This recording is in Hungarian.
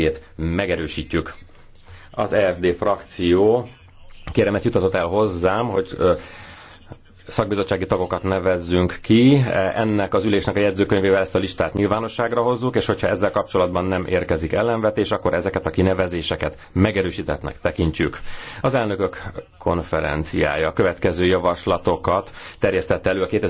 minőségét megerősítjük. Az EFD frakció kéremet jutatott el hozzám, hogy szakbizottsági tagokat nevezzünk ki. E, ennek az ülésnek a jegyzőkönyvével ezt a listát nyilvánosságra hozzuk, és hogyha ezzel kapcsolatban nem érkezik ellenvetés, akkor ezeket a kinevezéseket megerősítetnek tekintjük. Az elnökök konferenciája következő javaslatokat terjesztette elő a 2000